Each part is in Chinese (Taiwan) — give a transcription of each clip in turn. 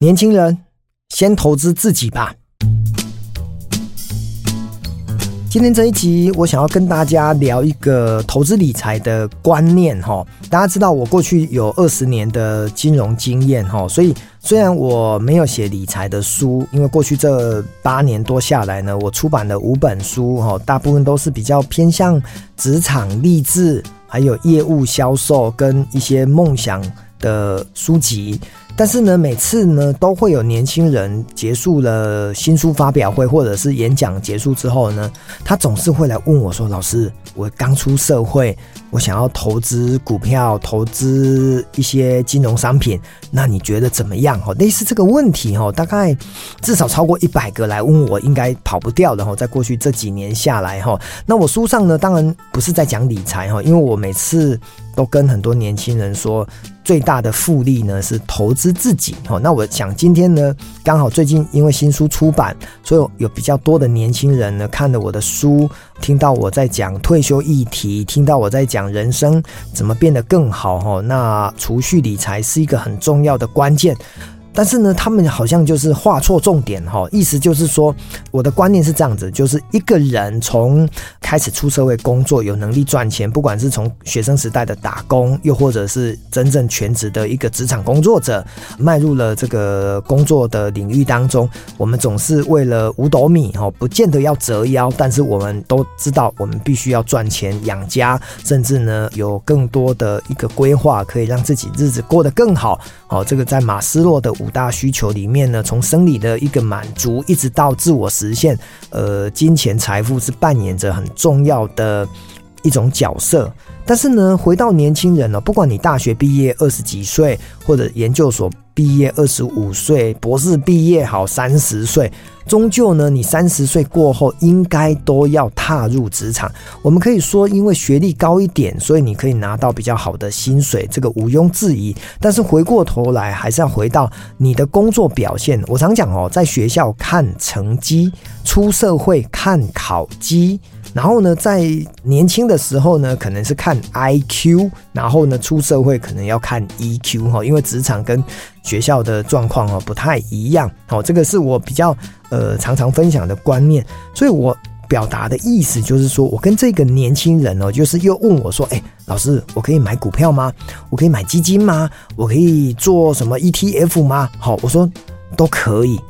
年輕人，先投資自己吧。今天這一集，我想要跟大家聊一個投資理財的觀念哈。大家知道，我過去有二十年的金融經驗哈，所以雖然我沒有寫理財的書，因為過去這八年多下來呢，我出版了五本書哈，大部分都是比較偏向職場勵志，還有業務銷售跟一些夢想的書籍。但是呢，每次呢都會有年輕人結束了新書發表會或者是演講結束之後呢，他總是會來問我說：“老師，我剛出社會，我想要投資股票、投資一些金融商品，那你覺得怎麼樣？”哈，類似這個問題哈，大概至少超過一百個來問我，應該跑不掉的。然後，在過去這幾年下來哈，那我書上呢，當然不是在講理財哈，因為我每次都跟很多年輕人說。最大的複利呢，是投資自己哦。那我想今天呢，剛好最近因為新書出版，所以有比較多的年輕人呢看了我的書，聽到我在講退休議題，聽到我在講人生怎麼變得更好哈。那儲蓄理財是一個很重要的關鍵。但是呢，他們好像就是畫錯重點哈，意思就是說，我的觀念是這樣子，就是一個人從開始出社會工作，有能力賺錢，不管是從學生時代的打工，又或者是真正全職的一個職場工作者，邁入了這個工作的領域當中，我們總是為了五斗米哈，不見得要折腰，但是我們都知道，我們必須要賺錢養家，甚至呢，有更多的一個規劃，可以讓自己日子過得更好。哦，這個在馬斯洛的。五大需求裡面呢，從生理的一個滿足，一直到自我實現，呃，金錢財富是扮演着很重要的一種角色。但是呢，回到年輕人呢、哦，不管你大學畢業二十幾歲，或者研究所。畢業二十五歲，博士畢業好三十歲，終究呢，你三十歲過後應該都要踏入職場。我們可以說，因為學歷高一點，所以你可以拿到比較好的薪水，這個毋庸置疑。但是回過頭來，還是要回到你的工作表現。我常講哦，在學校看成績，出社會看考績，然後呢，在年輕的時候呢，可能是看 IQ，然後呢，出社會可能要看 EQ，因為職場跟學校的狀況哦不太一樣，好，這個是我比較呃常常分享的觀念，所以我表達的意思就是說，我跟這個年輕人哦，就是又問我說，欸，老師，我可以買股票嗎？我可以買基金嗎？我可以做什麼 ETF 嗎？好，我說都可以，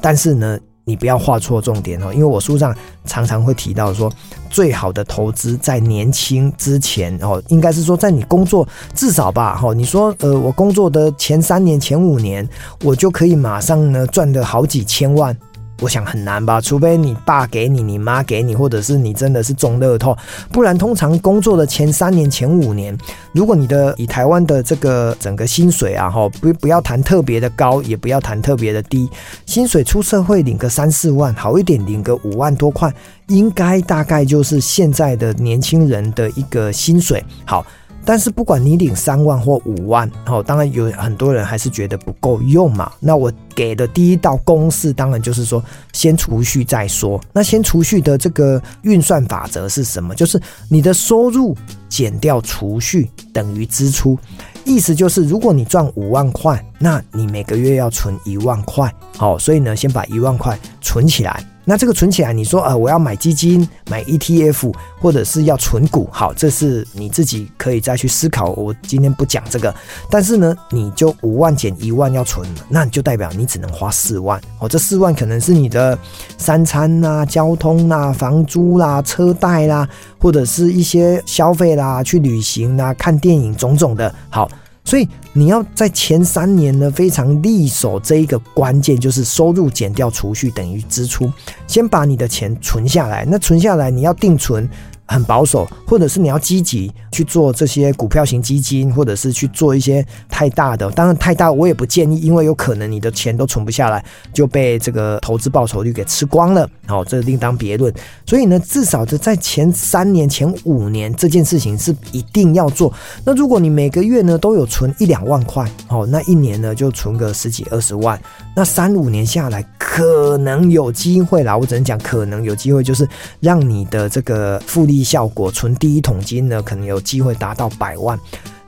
但是呢。你不要畫錯重點哦，因為我書上常常會提到說，最好的投資在年輕之前哦，應該是說在你工作至少吧，哈，你說呃，我工作的前三年、前五年，我就可以馬上呢賺個好幾千萬。我想很難吧，除非你爸給你，你媽給你，或者是你真的是中樂透，不然通常工作的前三年、前五年，如果你的以台灣的這個整個薪水啊，哈，不不要談特別的高，也不要談特別的低，薪水出社會領個三四萬，好一點領個五萬多塊，應該大概就是現在的年輕人的一個薪水。好。但是不管你領三萬或五萬，好，當然有很多人還是覺得不夠用嘛。那我給的第一道公式，當然就是說先儲蓄再說。那先儲蓄的這個運算法則是什麼？就是你的收入減掉儲蓄等於支出。意思就是，如果你賺五萬塊，那你每個月要存一萬塊。好，所以呢，先把一萬塊存起來。那這個存起來，你說、呃、我要買基金、買 ETF，或者是要存股，好，這是你自己可以再去思考。我今天不講這個，但是呢，你就五萬減一萬要存，那你就代表你只能花四萬。哦，這四萬可能是你的三餐吶、啊、交通吶、啊、房租啦、啊、車貸啦、啊，或者是一些消費啦、啊、去旅行啦、啊、看電影種種的，好。所以你要在前三年呢，非常力守。這一個關鍵，就是收入減掉儲蓄等於支出。先把你的錢存下來。那存下來你要定存。很保守，或者是你要積極去做這些股票型基金，或者是去做一些太大的，當然太大我也不建議，因為有可能你的錢都存不下來，就被這個投資報酬率給吃光了，哦，這另當別論。所以呢，至少在前三年、前五年這件事情是一定要做。那如果你每個月呢都有存一兩萬塊，哦，那一年呢就存個十幾二十萬，那三五年下來可能有機會啦。我只能講可能有機會，就是讓你的這個複利。效果存第一桶金呢，可能有機會達到百萬。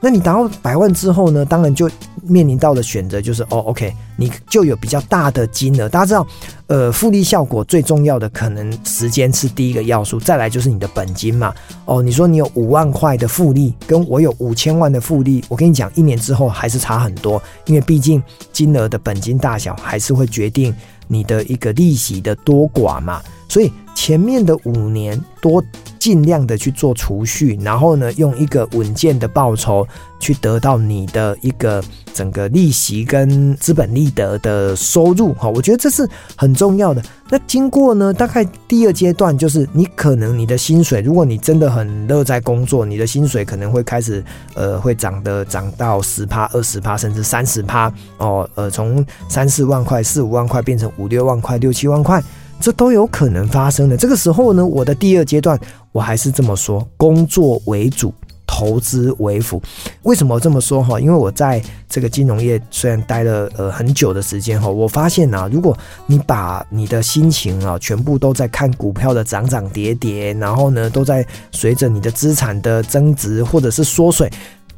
那你達到百萬之後呢，當然就面臨到的選擇就是，哦，OK，你就有比較大的金額。大家知道，呃，複利效果最重要的可能時間是第一個要素，再來就是你的本金嘛。哦，你說你有五萬塊的複利，跟我有五千萬的複利，我跟你講，一年之後還是差很多，因為畢竟金額的本金大小還是會決定你的一個利息的多寡嘛，所以。前面的五年多，盡量的去做儲蓄，然後呢，用一個穩健的報酬去得到你的一個整個利息跟資本利得的收入，哈，我覺得這是很重要的。那經過呢，大概第二階段就是，你可能你的薪水，如果你真的很樂在工作，你的薪水可能會開始，呃，會漲的，漲到十趴、二十趴，甚至三十趴，哦，呃，從三四萬塊、四五萬塊變成五六萬塊、六七萬塊。這都有可能發生的。這個時候呢，我的第二階段我還是這麼說：工作為主，投資為輔。為什麼這麼說哈？因為我在這個金融業雖然待了呃很久的時間哈，我發現啊，如果你把你的心情啊全部都在看股票的漲漲跌跌，然後呢都在隨着你的資產的增值或者是縮水。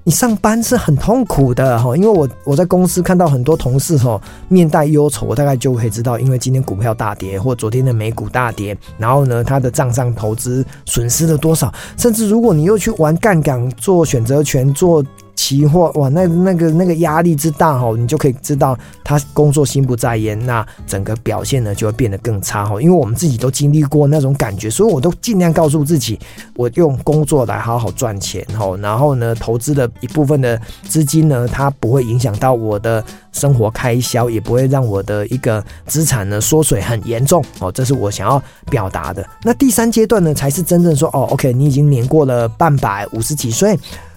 你上班是很痛苦的哈，因為我我在公司看到很多同事哈，面帶憂愁，我大概就可以知道，因為今天股票大跌，或昨天的美股大跌，然後呢，他的賬上投資損失了多少，甚至如果你又去玩槓桿，做選擇權做，期貨哇，那那個那個壓力之大哦，你就可以知道他工作心不在焉，那整個表現呢就會變得更差哦。因為我們自己都經歷過那種感覺，所以我都儘量告訴自己，我用工作來好好賺錢哦。然後呢，投資的一部分的資金呢，它不會影響到我的生活開銷，也不會讓我的一個資產呢縮水很嚴重哦。這是我想要表達的。那第三階段呢，才是真正說哦，OK，你已經年過了半百，五十幾歲。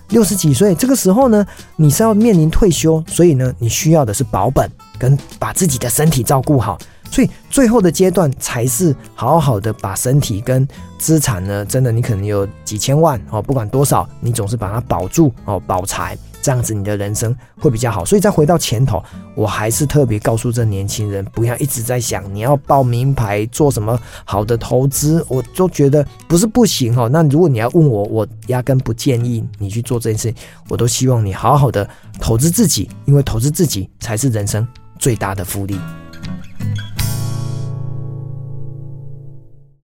六十幾歲這個時候呢，你是要面臨退休，所以呢，你需要的是保本跟把自己的身體照顧好，所以最後的階段才是好好的把身體跟資產呢，真的你可能有幾千萬哦，不管多少，你總是把它保住哦，保財。這樣子，你的人生會比較好。所以，再回到前頭，我還是特別告訴這年輕人，不要一直在想你要報名牌做什麼好的投資。我都覺得不是不行哦。那如果你要問我，我壓根不建議你去做這件事。我都希望你好好的投資自己，因為投資自己才是人生最大的複利。